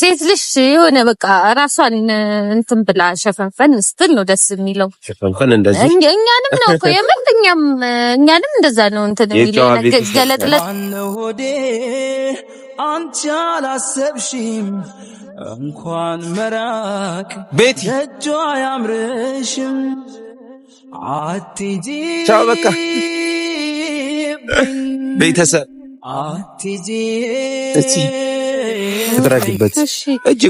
ሴት ልጅ የሆነ በቃ ራሷን እንትን ብላ ሸፈንፈን ስትል ነው ደስ የሚለው። ሸፈንፈን እንደዚህ እኛንም ነው እኮ የምር እኛም እኛንም እንደዛ ነው እንትን የሚለው ገለጥለት ሆዴ አንቺ አላሰብሽም እንኳን መራቅ ቤት እጇ አያምርሽም አትጂ ቻው በቃ ቤተሰብ ትረግበት እጅ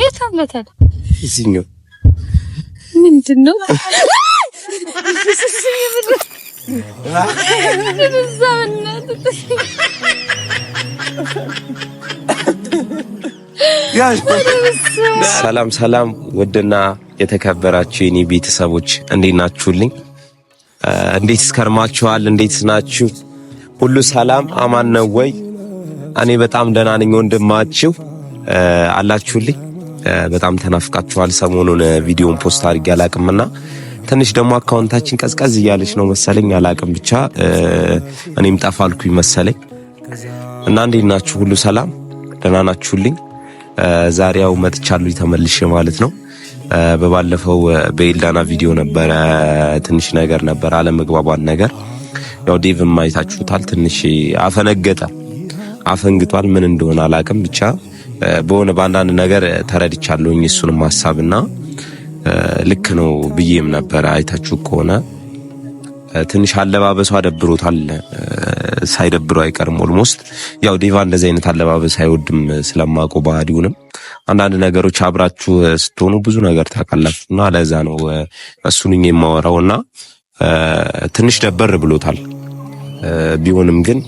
የት ምንድን ነው? ሰላም ሰላም፣ ውድና የተከበራችሁ የኔ ቤተሰቦች እንዴት ናችሁልኝ? እንዴት ስከርማችኋል? እንዴት ናችሁ? ሁሉ ሰላም አማን ነው ወይ? እኔ በጣም ደህና ነኝ። ወንድማችሁ አላችሁልኝ? በጣም ተናፍቃችኋል። ሰሞኑን ቪዲዮን ፖስት አድርጌ አላቅምና ትንሽ ደግሞ አካውንታችን ቀዝቀዝ እያለች ነው መሰለኝ፣ አላቅም ብቻ እኔም ጠፋልኩኝ መሰለኝ። እና እንዴት ናችሁ? ሁሉ ሰላም ደህና ናችሁልኝ? ዛሬ ያው መጥቻለሁ ተመልሼ ማለት ነው። በባለፈው በኢልዳና ቪዲዮ ነበረ ትንሽ ነገር ነበረ አለመግባባት ነገር ያው ዴቭም አይታችሁታል። ትንሽ አፈነገጠ፣ አፈንግጧል። ምን እንደሆነ አላቅም። ብቻ በሆነ በአንዳንድ ነገር ተረድቻለሁኝ እሱንም ሀሳብና ልክ ነው ብዬም ነበረ። አይታችሁ ከሆነ ትንሽ አለባበሱ አደብሮታል። ሳይደብረው አይቀርም። ኦልሞስት ያው ዴቫ እንደዚህ አይነት አለባበስ አይወድም ስለማቆ ባህሪውንም አንዳንድ ነገሮች አብራችሁ ስትሆኑ ብዙ ነገር ታውቃላችሁና ለዛ ነው እሱን የማወራውና ትንሽ ደበር ብሎታል። ቢሆንም ግን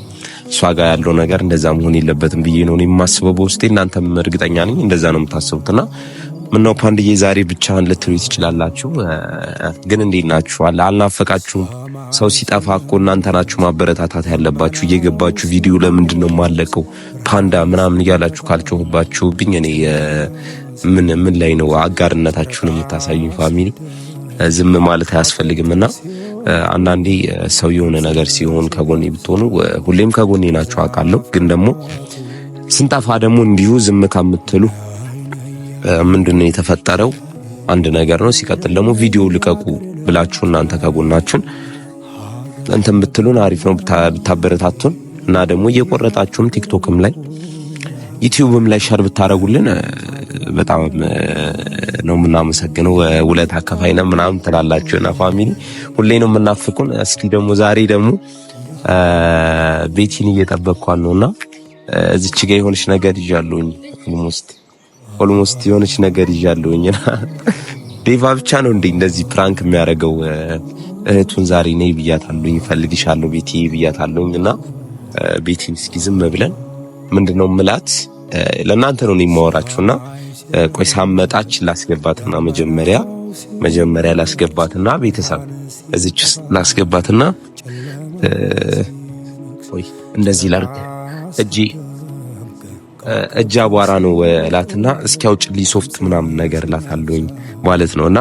እሷ ጋር ያለው ነገር እንደዛ መሆን የለበትም ብዬ ነው የማስበው በውስጤ። እናንተም እርግጠኛ ነኝ እንደዛ ነው የምታስቡትና ምነው ፓንድዬ ዛሬ ብቻህን ልትሉ ትችላላችሁ፣ ግን እንዴት ናችሁ? አልናፈቃችሁም? ሰው ሲጠፋ እኮ እናንተ ናችሁ ማበረታታት ያለባችሁ። እየገባችሁ ቪዲዮ ለምንድን ነው የማለቀው ፓንዳ ምናምን እያላችሁ ካልጮህባችሁብኝ እኔ ምን ምን ላይ ነው አጋርነታችሁን የምታሳዩኝ ፋሚሊ ዝም ማለት እና? አንዳንዴ ሰው የሆነ ነገር ሲሆን ከጎኔ ብትሆኑ ሁሌም ከጎኔ ናችሁ አውቃለሁ። ግን ደግሞ ስንጠፋ ደግሞ እንዲሁ ዝም ከምትሉ ምንድነው የተፈጠረው አንድ ነገር ነው። ሲቀጥል ደግሞ ቪዲዮ ልቀቁ ብላችሁ እናንተ ከጎናችን እንትን ብትሉን አሪፍ ነው ብታበረታቱን እና ደግሞ እየቆረጣችሁም ቲክቶክም ላይ ዩቲዩብም ላይ ሸር ብታረጉልን በጣም ነው የምናመሰግነው። ውለት አካፋይና ምናምን ትላላችሁ እና ፋሚሊ ሁሌ ነው የምናፍቁን። እስኪ ደግሞ ዛሬ ደግሞ ቤቲን እየጠበቅኳን ነውና እዚች ጋ የሆነች ነገር ይዣለሁኝ። ኦልሞስት ኦልሞስት የሆነች ነገር ይዣለሁኝ እና ዴቫ ብቻ ነው እንዴ እንደዚህ ፕራንክ የሚያደርገው? እህቱን ዛሬ ነይ ብያታለሁኝ፣ እፈልግሻለሁ ቤቲ ብያታለሁኝ እና ቤቲን እስኪ ዝም ብለን ምንድነው ምላት ለእናንተ ነው የማወራችሁና ቆይ ሳመጣች ላስገባትና መጀመሪያ መጀመሪያ ላስገባትና ቤተሰብ እዚች ውስጥ ላስገባትና ቆይ እንደዚህ ላርግ እጂ እጅ አቧራ ነው እላትና እስኪ አውጭልኝ ሶፍት ምናምን ነገር እላታለሁኝ ማለት ነው። እና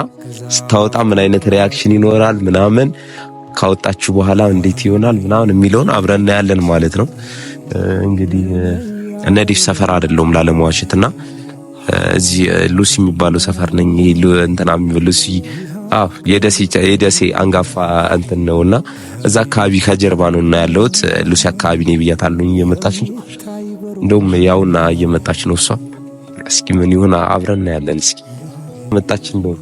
ስታወጣ ምን አይነት ሪያክሽን ይኖራል ምናምን ካወጣችሁ በኋላ እንዴት ይሆናል ምናምን የሚለውን አብረን እናያለን ማለት ነው እንግዲህ እነዲህ ሰፈር አይደለሁም ላለመዋሸት እና እዚህ ሉሲ የሚባለው ሰፈር ነኝ። እንትና ሉሲ የደሴ አንጋፋ እንትን ነው እና እዛ አካባቢ ከጀርባ ነው እና ያለሁት ሉሲ አካባቢ ነው ብያታለሁ። እየመጣች ነው እንደውም ያውና እየመጣች ነው እሷ። እስኪ ምን ይሁን አብረን እናያለን። እስኪ መጣች እንደው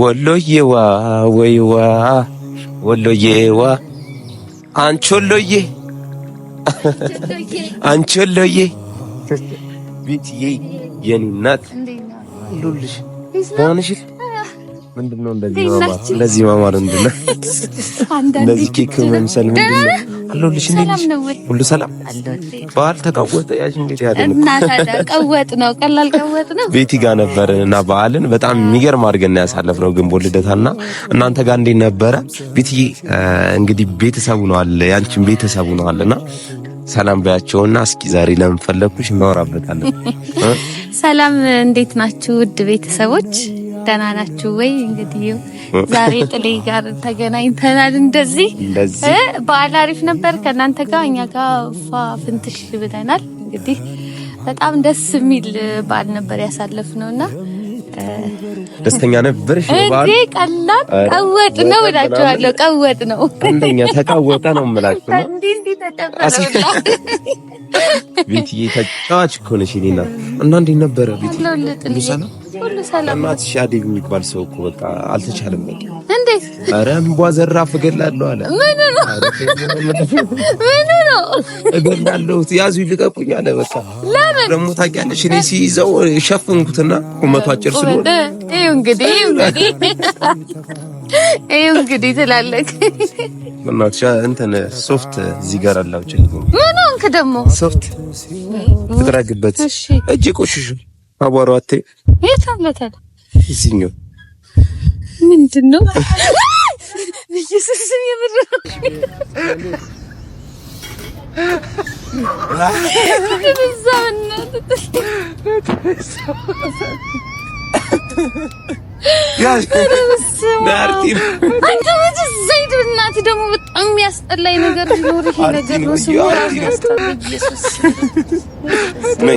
ወሎዬዋ ወይዋ ወሎዬዋ አንቾሎዬ አንቺ ወሎዬ ቤትዬ የኔ እናት ሉልሽ ሆነሽል ምንድነው? እንደዚህ ማማር እንደዚህ ማማር ምንድነው? እንደዚህ ኬክ መምሰል ምንድነው? አለሁልሽ። ሁሉ ሰላም በዓል ተቀወጠ። ያሽ እንዴት ያለ እና ታዲያ ቀወጥ ነው፣ ቀላል ቀወጥ ነው። ቤቲ ጋር ነበር እና በዓልን በጣም የሚገርም አድርገን ያሳለፍነው ግን ልደታና እናንተ ጋር እንዴት ነበረ? ቤቲ እንግዲህ ቤተሰቡ ነው አለ ያንቺን ቤተሰቡ ነው አለና ሰላም ባያቸውና እስኪ ዛሬ ለምን ፈለኩሽ እናወራበታለን። ሰላም እንዴት ናችሁ ውድ ቤተሰቦች? ደህና ናችሁ ወይ? እንግዲህ ዛሬ ጥሌ ጋር ተገናኝተናል። እንደዚህ በዓል አሪፍ ነበር ከእናንተ ጋር እኛ ጋር ፋ ፍንትሽ ብለናል። እንግዲህ በጣም ደስ የሚል በዓል ነበር ያሳለፍነው እና ደስተኛ ነበርሽ? እንዴ ቀላል ቀወጥ ነው እላችኋለሁ። ቀወጥ ነው እንደኛ ተቀወጠ ነው የምላችሁ። እንዴ እንዴ ተደበረ ቤትዬ ተጫዋች እኮ ነሽ። እኔና እና እንዴት ነበረ ቤት ሁሉ ሰላም። እናትሽ አደይ የሚባል ሰው እኮ በቃ አልተቻለም። በቃ ኧረ እምቧ ዘራፍ እገላለሁ አለ። ምን ነው ምን ነው እገላለሁ፣ ያዙ ይልቀቁኝ አለ። በቃ ለምን ደግሞ ታውቂያለሽ፣ እኔ ሲይዘው ሸፈንኩትና ቁመቱ አጭር ስለሆነ ይኸው እንግዲህ ይኸው እንግዲህ ትላለህ። እናትሽ እንትን ሶፍት እዚህ ጋር አላችሁ ምን ነው ደግሞ ሶፍት ትጥረግበት እጅ ቆሽሽ አቧራቴ የት አለታል? እዚህኛው ምንድን ነው? ኢየሱስ የምር ደግሞ በጣም የሚያስጠላኝ ነገር ሊኖር ይሄ ነገር ነው።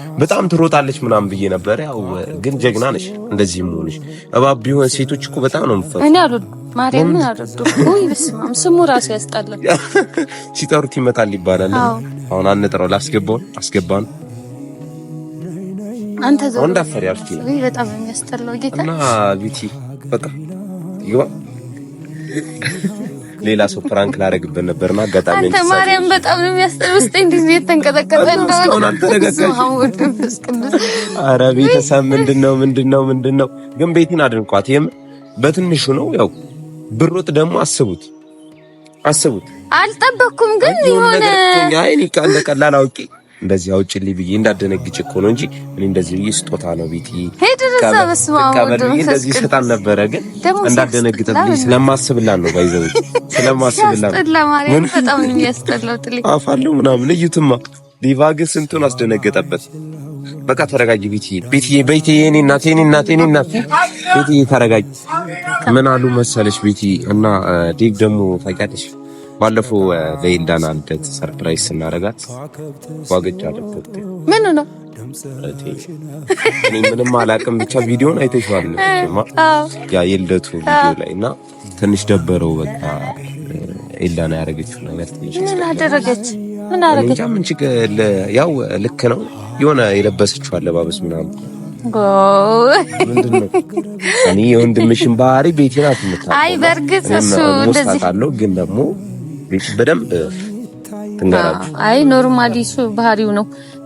በጣም ትሮጣለች ምናምን ብዬ ነበር። ያው ግን ጀግና ነሽ እንደዚህ መሆንሽ። እባብ ቢሆን ሴቶች እኮ በጣም ነው የምፈሩ። እኔ አልወድ ማርያም አልወድ። ወይ በስማም ስሙ ራሱ ያስጠላል። ሲጠሩት ይመጣል ይባላል። አሁን አንጥረው ላስገባው አስገባን አንተ ዘው ወንድ እንዳፈሪ አልኩ ወይ በጣም የሚያስጠላው ጌታ እና ቢቲ በቃ ይግባ ሌላ ሰው ፕራንክ ላደርግብን ነበርና አጋጣሚ አንተ ማርያም በጣም ነው የሚያስጠብስጠኝ እንደዚህ የተንቀጠቀጠ እንደሆነ አረ ቤተሰብ ምንድነው ምንድነው ምንድነው ግን ቤቲን አድንቋት ይሄም በትንሹ ነው ያው ብሩት ደግሞ አስቡት አስቡት አልጠበኩም ግን የሆነ አይኔ ይቃለ ቀላል አውቄ እንደዚህ አውጭልኝ ብዬ እንዳደነግጭ እኮ ነው እንጂ እኔ እንደዚህ ብዬ ስጦታ ነው ቢቲ እንደዚህ ሰጣን ነበረ። ግን እንዳደነግጠ ስለማስብላን ነው ባይዘው ስለማስብላት አፋለሁ ምናምን እዩትማ ሌባ ግን ስንቱን አስደነገጠበት። በቃ ተረጋጅ ቤትዬ፣ ቤትዬ፣ ቤትዬ፣ እኔ እናት፣ እኔ እናት፣ እኔ እናት፣ ቤትዬ ቤትዬ ቤትዬ የኔ እናት የኔ እናት የኔ እናት ቤትዬ ተረጋጅ ምን አሉ መሰለሽ ቤትዬ እና ዴግ ደግሞ ታውቂያለሽ ባለፈው ለይንዳን አንተ ሰርፕራይዝ ስናረጋት ዋግጫ አለበት። ምን ነው እኔ ምንም አላቅም፣ ብቻ ቪዲዮን አይተሽዋል ያ የልደቱ ቪዲዮ ላይ እና ትንሽ ደበረው። በቃ ኤልዳና ያደረገችው ነገር ትንሽ ምን አደረገች? ምን አደረገች? ምን ያው ልክ ነው የሆነ የለበሰችው አለባበስ ምናምን እኔ የወንድምሽን ባህሪ ቤቴ ናት የምታውቀው። አይ በእርግጥ እሱ እንደዚህ ግን ደግሞ በደንብ ትንገራችሁ። አይ ኖርማሊ እሱ ባህሪው ነው።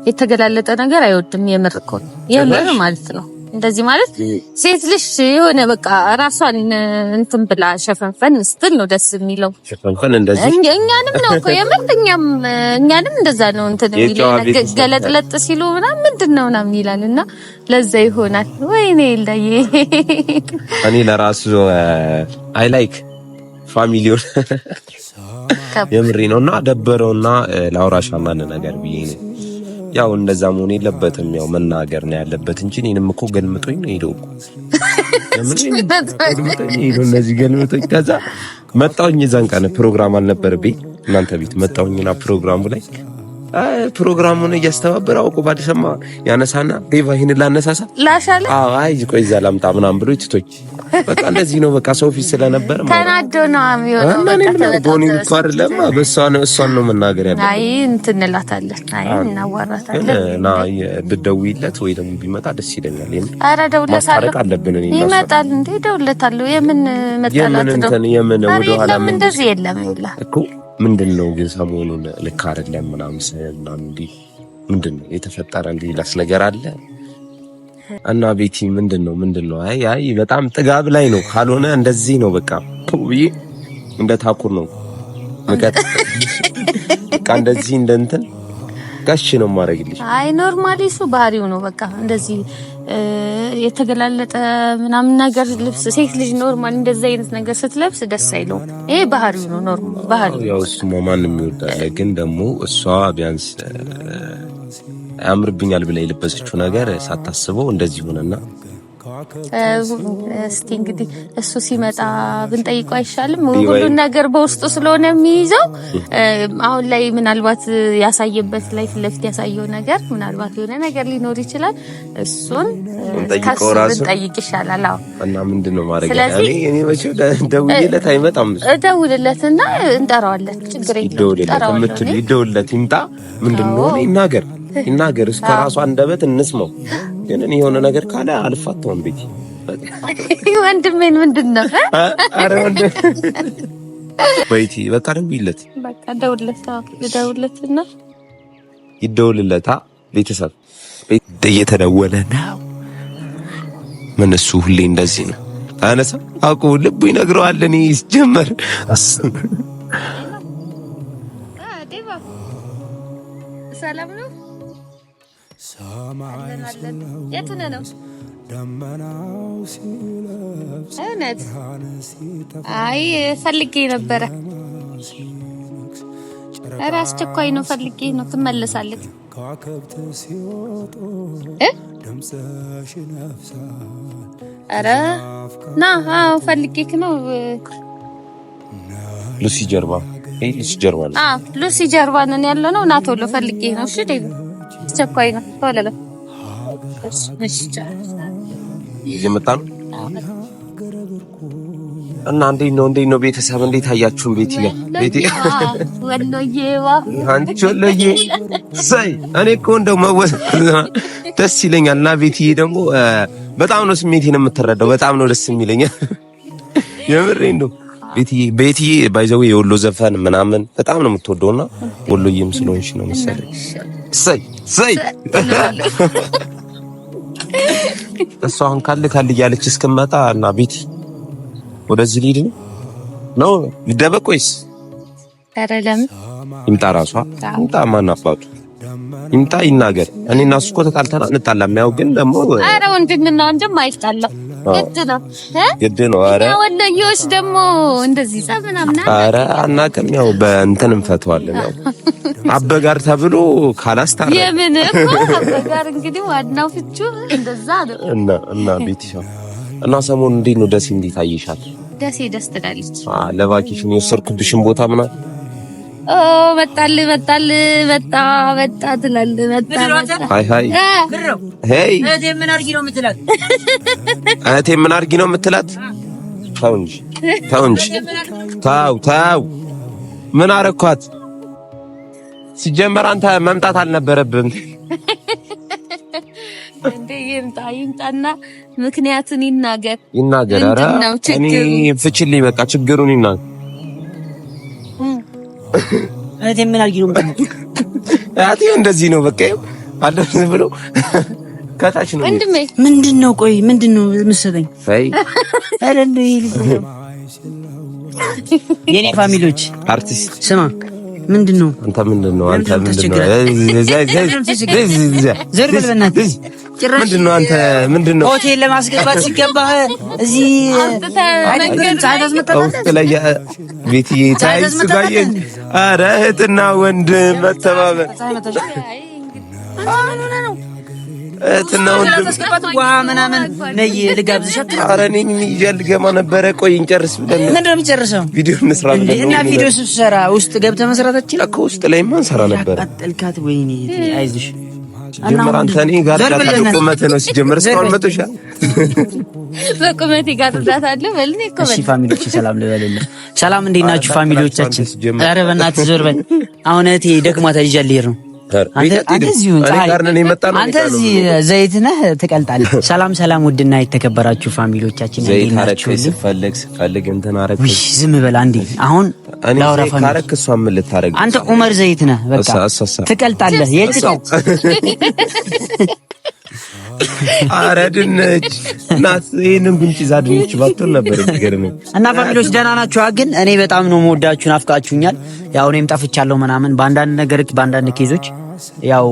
የተገላለጠ ነገር አይወድም። የምር እኮ የምር ማለት ነው። እንደዚህ ማለት ሴት ልጅ የሆነ በቃ ራሷን እንትን ብላ ሸፈንፈን ስትል ነው ደስ የሚለው። ሸፈንፈን እንደዚህ እኛንም ነው እኮ የምር እኛም እኛንም እንደዛ ነው እንትን ገለጥለጥ ሲሉ ምናምን ምንድን ነው ምናምን ይላል እና ለዛ ይሆናል። ወይኔ ልዳዬ እኔ ለራሱ አይ ላይክ ፋሚሊውን የምሬ ነው። እና ደበረውና ለአውራሻ ማን ነገር ብዬ ነው ያው እንደዛ መሆን የለበትም። ያው መናገር ነው ያለበት እንጂ እኔንም እኮ ገልምጦኝ ነው ሄደው እነዚህ ገልምጦኝ። ከዛ መጣውኝ የዛን ቀን ፕሮግራም አልነበረብኝ እናንተ ቤት መጣውኝና ፕሮግራሙ ላይ ፕሮግራሙን እያስተባበረ አውቆ ባልሰማ ያነሳና ሪቫ ይህን ላነሳሳ ላሻለ አይ ቆይ እዛ ላምጣ ምናምን ብሎ ይትቶች በቃ እንደዚህ ነው። በቃ ሰው ፊት ስለነበር ተናዶ ነው የሚሆነው። ቦኒ እኮ አይደለም በእሷን እሷን ነው መናገር ያለ። አይ እንትንላታለን፣ አይ እናዋራታለን። እና ብትደውይለት ወይ ደግሞ ቢመጣ ደስ ይለኛል። የምን ኧረ እደውልለታለሁ፣ አለብን እኔ ይመጣል እንዴ ደውለታለሁ። የምን መጣላት ነው የምን ወደኋላ ምን እንደዚህ የለም ይላ እኮ ምንድን ነው ግን ሰሞኑን ልክ አይደለም ምናምን ስል ምናምን እንዲህ ምንድን ነው የተፈጠረ እንዲህ ይላስ ነገር አለ እና ቤቲ ምንድን ነው ምንድን ነው? አይ አይ በጣም ጥጋብ ላይ ነው። ካልሆነ እንደዚህ ነው በቃ ብዬ እንደ ታኩር ነው በቃ እንደዚህ እንደ እንትን ጋሽ ነው ማድረግልሽ። አይ ኖርማሊ እሱ ባህሪው ነው በቃ እንደዚህ የተገላለጠ ምናምን ነገር ልብስ ሴት ልጅ ኖርማል እንደዛ አይነት ነገር ስትለብስ ደስ አይለው። ይሄ ባህሪ ነው፣ ኖርማል ባህሪ ያው እሱ ማንም ይወዳል። ግን ደግሞ እሷ ቢያንስ አምርብኛል ብላ የለበሰችው ነገር ሳታስበው እንደዚህ ሆነና እስቲ እንግዲህ እሱ ሲመጣ ብንጠይቁ አይሻልም? ሁሉን ነገር በውስጡ ስለሆነ የሚይዘው አሁን ላይ ምናልባት ያሳየበት ላይ ፊት ለፊት ያሳየው ነገር ምናልባት የሆነ ነገር ሊኖር ይችላል። እሱን ከሱ ብንጠይቅ ይሻላል። አዎ። እና ምንድን ነው ማድረግ? ስለዚህ እኔ መቼም ደውዬለት አይመጣም። እደውልለትና እንጠራዋለን። ችግር የለም። ይደውልለት ይምጣ። ምንድን ነው ይናገር ይናገር። እስከ ራሱ አንደበት እንስመው ግን እኔ የሆነ ነገር ካለ አልፋተውም። ቤት ወንድሜን ምንድን ነው? አረ ወንድ በይቲ በቃ ደውይለት፣ በቃ ደውልለት እና ይደውልለታ። ቤተሰብ እየተደወለ ነው። ምን እሱ ሁሌ እንደዚህ ነው። አነሳ አቁ ልቡ ይነግረዋል። እኔ ይጀመር ሰላም ነው ሰማይ ሲለወስ እውነት አይ ፈልጌ ነበረ። ኧረ አስቸኳይ ነው፣ ፈልጌ ነው። ትመለሳለች። ከዋክብት ሲወጡ ድምፅሽ ኧረ ና፣ አዎ ፈልጌክ ነው። ሉሲ ጀርባ ሉሲ ጀርባ ነን ያለ ነው። ና ቶሎ ፈልጌ ነው። እሺ አስቸኳይ ነው። ቶሎ እየመጣ ነው እና እንዴት ነው እንዴት ነው ቤተሰብ እንዴት አያችሁም? ቤት ይያ ቤት አንቺ ወሎዬ ሳይ እኔ እኮ እንደው መወዝ ደስ ይለኛል። እና ቤትዬ ደግሞ በጣም ነው ስሜቴን የምትረዳው። በጣም ነው ደስ የሚለኛል። የምሬ ነው ቤትዬ ቤትዬ ባይዘው የወሎ ዘፈን ምናምን በጣም ነው የምትወደውና ወሎዬም ስለሆንሽ ነው መሰለኝ ሰይ ሰይ እሱ አሁን ካል ካል እያለች እስክመጣ እና ቤቲ ወደዚህ ሊድ ነው ነው ወይስ ታረለም? ይምጣ ራሷ ይምጣ። ማን አባቱ ይምጣ ይናገር። እኔ እና እሱ እኮ ተጣልተና እንጣላ። የሚያው ግን ደግሞ ኧረ ወንድምና ወንድም አይጣላም ግድ ነው ግድ ነው። አረ ወንደኞች ደግሞ እንደዚህ ጸብ ምናምን ኧረ አናውቅም። ያው በእንትን እንፈተዋለን። ያው አበጋር ተብሎ ካላስታረ የምን እኮ አበጋር እንግዲህ ዋናው ፍቹ እንደዛ ነው። እና እና ቤትሽ እና ሰሞኑን እንዴት ነው? ደሴ እንዴት አየሻል? ደሴ ደስ ትላለች። ለቫኬሽን የወሰድኩብሽን ቦታ ምናምን መጣል መጣል መጣ መጣ መጣ ሄይ እህቴ ምን አድርጊ ነው የምትላት? እህቴ ምን አድርጊ ነው የምትላት? ተው እንጂ ተው እንጂ ተው ተው። ምን አረኳት? ሲጀመር አንተ መምጣት አልነበረብን እንዴ ይምጣ ይምጣና ምክንያቱን ይናገር ይናገር። ኧረ እኔ ፍችልኝ፣ በቃ ችግሩን ይናገር እህቴ ምን አድርጊ ነው አያቴ እንደዚህ ነው በቃ አለም ብሎ ከታች ነው። ምንድን ነው ቆይ ምንድን ነው መሰለኝ የኔ ፋሚሊዎች አርቲስት ስማ ምንድን ነው አንተ? ምንድን ነው አንተ? አንተ? ሆቴል ለማስገባት ሲገባህ እዚህ ኧረ እህትና ወንድም እህትና ወንድም ውሃ ምናምን ነይ ልጋብዝሽ። ኧረ እኔም ልገባ ነበረ። ቆይ እንጨርስ ብለን ምንድን ነው ቪዲዮ እንስራ ብለን እና ቪዲዮ ስትሰራ ውስጥ ገብተህ እኮ ውስጥ ነበረ። ወይኔ አይዞሽ ጀምር አንተ እኔ ጋር ቁመት ነው ሲጀምር እስካሁን በል እኔ እኮ በል። እሺ ፋሚሊዎች ሰላም ልበልልህ። ሰላም እንዴት ናችሁ ፋሚሊዎቻችን? ኧረ በእናትህ ዞር በል። አሁን እህቴ ደክማታል ልሄድ ነው አንተ እዚህ ዘይት ነህ ትቀልጣለህ። ሰላም ሰላም፣ ውድና የተከበራችሁ ፋሚሊዎቻችን ዝም በል አንዴ። አሁን አንተ ዑመር ዘይት ነህ፣ በቃ ትቀልጣለህ። ኧረ ድንች እናት ይህንም ጉንጭ ይዛ ድንች ባትሆን ነበር የሚገርመኝ። እና ፋሚሊዎች ደህና ናችሁ? ግን እኔ በጣም ነው መወዳችሁ፣ ናፍቃችሁኛል። ያው እኔም ጠፍቻለሁ ምናምን በአንዳንድ ነገር በአንዳንድ ኬዞች ያው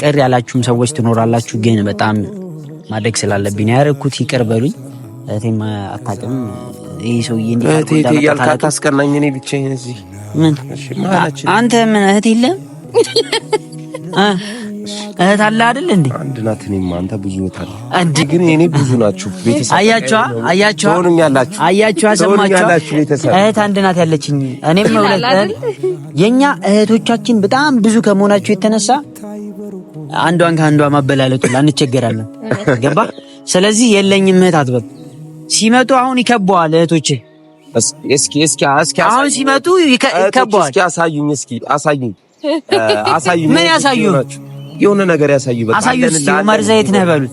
ቅር ያላችሁም ሰዎች ትኖራላችሁ። ግን በጣም ማደግ ስላለብኝ ያደረኩት ይቅር በሉኝ። እህቴም አታውቅም ይህ ሰውዬ እያልክ አታስቀናኝ። እኔ ብቻዬን እዚህ ምን አንተ ምን እህት የለም እህት አለ አይደል እንዴ? አንድ ናት። እኔም አንተ ብዙ እህት አለ አንድ ግን እኔ ብዙ ናችሁ። ቤተሰብ አያችኋ፣ አያችኋ፣ ሆንም ያላችሁ አያችኋ፣ ሰማችኋ። እህት አንድ ናት ያለችኝ እኔም ሁለት የኛ እህቶቻችን በጣም ብዙ ከመሆናችሁ የተነሳ አንዷን ከአንዷ ማበላለቱ እንቸገራለን። ገባ? ስለዚህ የለኝም እህት አትበል። ሲመጡ አሁን ይከበዋል እህቶቼ እስኪ እስኪ እስኪ አሁን ሲመጡ ይከበዋል። እስኪ አሳዩኝ፣ እስኪ አሳዩኝ፣ አሳዩኝ። ምን ያሳዩ የሆነ ነገር ያሳይ። በቃ አሳዩት። ኡመር ዘይት ነህ በሉት።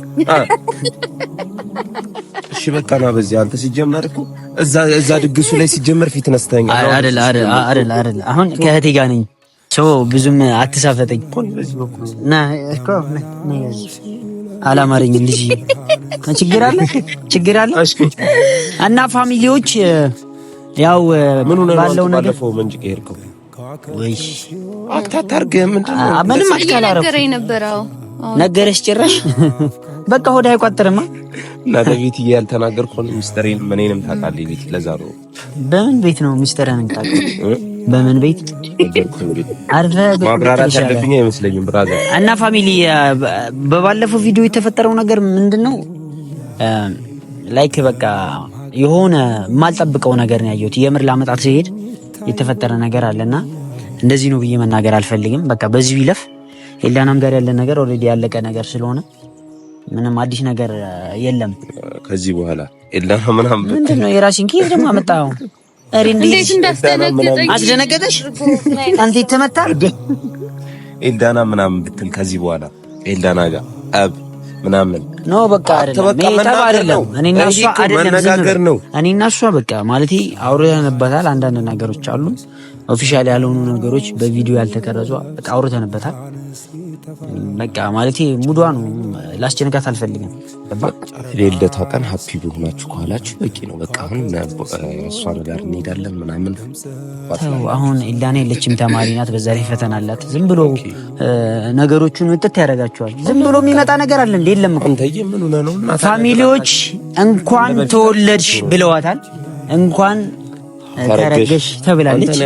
እሺ በቃ ና በዚህ አንተ ሲጀመር እኮ እዛ እዛ ድግሱ ላይ ሲጀመር ፊት ነስተኛ አይደል? አይደል? አይደል? አይደል? አሁን ከእህቴ ጋር ነኝ። ሶ ብዙም አትሳፈጠኝ። ና እኮ አላማረኝ ልጅ ችግር አለ ችግር አለ እና ፋሚሊዎች ያው ምን ሆነ ባለው ነገር ወይ አታታርግ ምንም ነገረኝ ነበረ። ነገረሽ ጭራሽ በቃ ሆድ አይቋጥርማ። እና ለቤት ያልተናገርኩ ሚስጥሬን ምንንም ታውቃለህ። ቤት ለዛ ነው። በምን ቤት ነው ሚስጥሬን ታውቃለህ? በምን ቤት አርፈ ማብራራት ያለብኝ አይመስለኝም። ብራዘር እና ፋሚሊ በባለፈው ቪዲዮ የተፈጠረው ነገር ምንድን ነው? ላይክ በቃ የሆነ የማልጠብቀው ነገር ነው ያየሁት። የምር ላመጣት ሲሄድ የተፈጠረ ነገር አለና እንደዚህ ነው ብዬ መናገር አልፈልግም። በቃ በዚሁ ይለፍ። ኤልዳናም ጋር ያለ ነገር ኦልሬዲ ያለቀ ነገር ስለሆነ ምንም አዲስ ነገር የለም። ከዚህ በኋላ ኤልዳና ምናምን ምንድን ነው የራሴን ኬዝ ደግሞ አመጣው። አስደነገጠሽ? አንተ ተመታ ኤልዳና ምናምን ብትል ከዚህ በኋላ ኤልዳና ጋር አብ ምናምን ኖ በቃ አይደለም። እኔና እሷ አይደለም መነጋገር ነው። እኔና እሷ በቃ ማለቴ አውርተንበታል። አንዳንድ ነገሮች አሉ ኦፊሻል ያልሆኑ ነገሮች በቪዲዮ ያልተቀረጹ በቃ አውርተንበታል። በቃ ማለት ሙዷ ነው። ላስጨንቃት አልፈልግም። ልደቷ ቀን ሀፒ ቢሆናችሁ ከኋላችሁ በቂ ነው። በቃ አሁን እሷ ጋር እንሄዳለን ምናምን። አሁን ኢላኔ የለችም፣ ተማሪ ናት። በዛ ላይ ፈተና አላት። ዝም ብሎ ነገሮቹን ምጥት ያደርጋቸዋል። ዝም ብሎ የሚመጣ ነገር አለ እንዴ? የለም ፋሚሊዎች እንኳን ተወለድሽ ብለዋታል እንኳን ተረገሽ ተብላለች።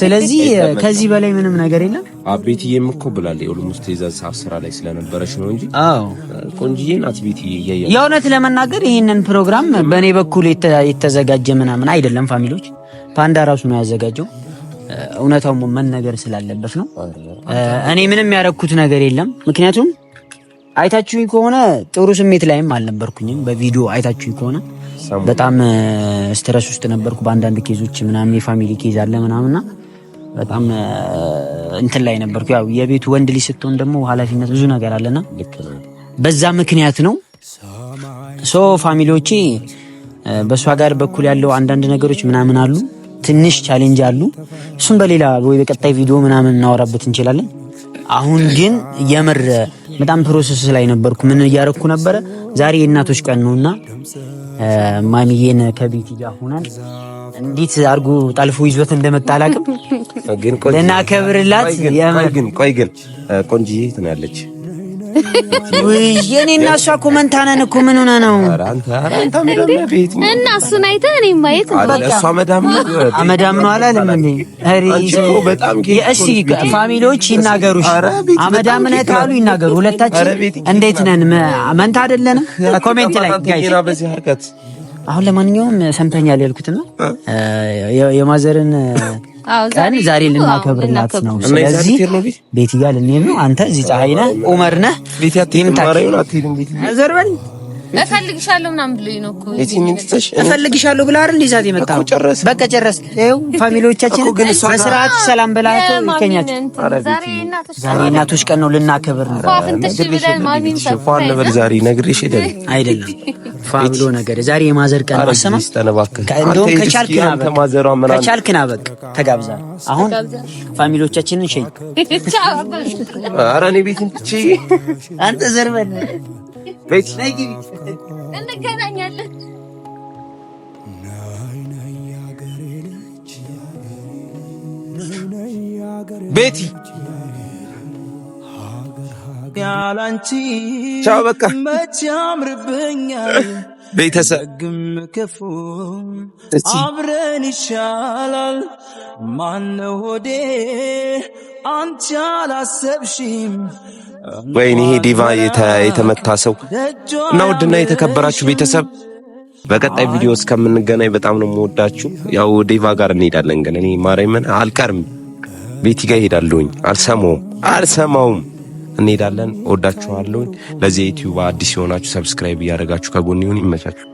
ስለዚህ ከዚህ በላይ ምንም ነገር የለም። ቤትዬም እኮ ብላለች። ኦልሞስት የዛን ሰዓት ስራ ላይ ስለነበረች ነው እንጂ ቆንጅዬ ናት ቤትዬ። የእውነት ለመናገር ይህንን ፕሮግራም በእኔ በኩል የተዘጋጀ ምናምን አይደለም። ፋሚሊዎች ፓንዳ ራሱ ነው ያዘጋጀው። እውነታው መነገር ስላለበት ነው። እኔ ምንም ያደረኩት ነገር የለም ምክንያቱም አይታችሁኝ ከሆነ ጥሩ ስሜት ላይም አልነበርኩኝም። በቪዲዮ አይታችሁኝ ከሆነ በጣም ስትረስ ውስጥ ነበርኩ። በአንዳንድ ኬዞች ምናምን የፋሚሊ ኬዝ አለ ምናምንና በጣም እንትን ላይ ነበርኩ። ያው የቤቱ ወንድ ልጅ ስትሆን ደግሞ ኃላፊነት ብዙ ነገር አለና በዛ ምክንያት ነው ሶ ፋሚሊዎቼ በእሷ ጋር በኩል ያለው አንዳንድ ነገሮች ምናምን አሉ፣ ትንሽ ቻሌንጅ አሉ። እሱም በሌላ ወይ በቀጣይ ቪዲዮ ምናምን እናወራበት እንችላለን። አሁን ግን የምር በጣም ፕሮሰስ ላይ ነበርኩ። ምን እያረኩ ነበረ? ዛሬ የእናቶች ቀን ነውና ማሚዬን ከቤት ጋር ሆነን እንዴት አድርጎ ጠልፎ ይዞት እንደመጣ አላውቅም፣ ግን ቆይ ግን ቆንጂ ትናለች የኔና እሷ ኮመንታ ነን እኮ ምን ሆነ ነው? እና እሱን አይተህ እኔ ማየት ነው አመዳም ነው አላለም። እሺ ፋሚሊዎች ይናገሩ፣ አመዳም ነህ ካሉ ይናገሩ። ሁለታችን እንዴት ነን? መንታ አይደለንም። ኮሜንት ላይ አሁን ለማንኛውም ሰምተኛል ያልኩት ነው የማዘርን ቀን ዛሬ ልናከብርላት ነው። ስለዚህ ቤት ቤትያ ልንሄድ ነው። አንተ እዚህ ፀሐይ ነህ፣ ኡመር ነህ። እፈልግሻለሁ ምናምን ብሎኝ ነው እኮ እፈልግሻለሁ ብላ አይደል ይዛት የመጣ ነው። በቃ ጨረስ። ይኸው ፋሚሊዎቻችን በስርዓት ሰላም ብላችሁ ይገኛል። ዛሬ እናቶች ቀን ነው፣ ልናከብር ነው። ዛሬ ነግሬሽ አይደለም ፋብሎ ነገር ዛሬ የማዘር ቀን ነው። ማሰማ እንደውም ከቻልክና በቅ ተጋብዛ አሁን ፋሚሊዎቻችንን ሸኝ። ኧረ እኔ ቤት አንተ ዘርበን ቤት ላይ ግቢ እንገናኛለን። ቤቲ ያላንቺ ቻው፣ በቃ መቼ ያምርብኛል። ቤተሰብ ክፉ አብረን ይሻላል። ማነው ሆዴ አንቺ አላሰብሽም። ወይኔ ይሄ ዲቫ የተመታ ሰው እና ውድና የተከበራችሁ ቤተሰብ በቀጣይ ቪዲዮ እስከምንገናኝ በጣም ነው የምወዳችሁ። ያው ዲቫ ጋር እንሄዳለን፣ ግን እኔ ማርያምን አልቀርም። ቤቲ ጋር እሄዳለሁኝ። አልሰማውም አልሰማውም። እንሄዳለን። ወዳችኋለሁኝ። ለዚህ ዩቲዩብ አዲስ የሆናችሁ ሰብስክራይብ እያደረጋችሁ ከጎን ይሁን። ይመቻችሁ።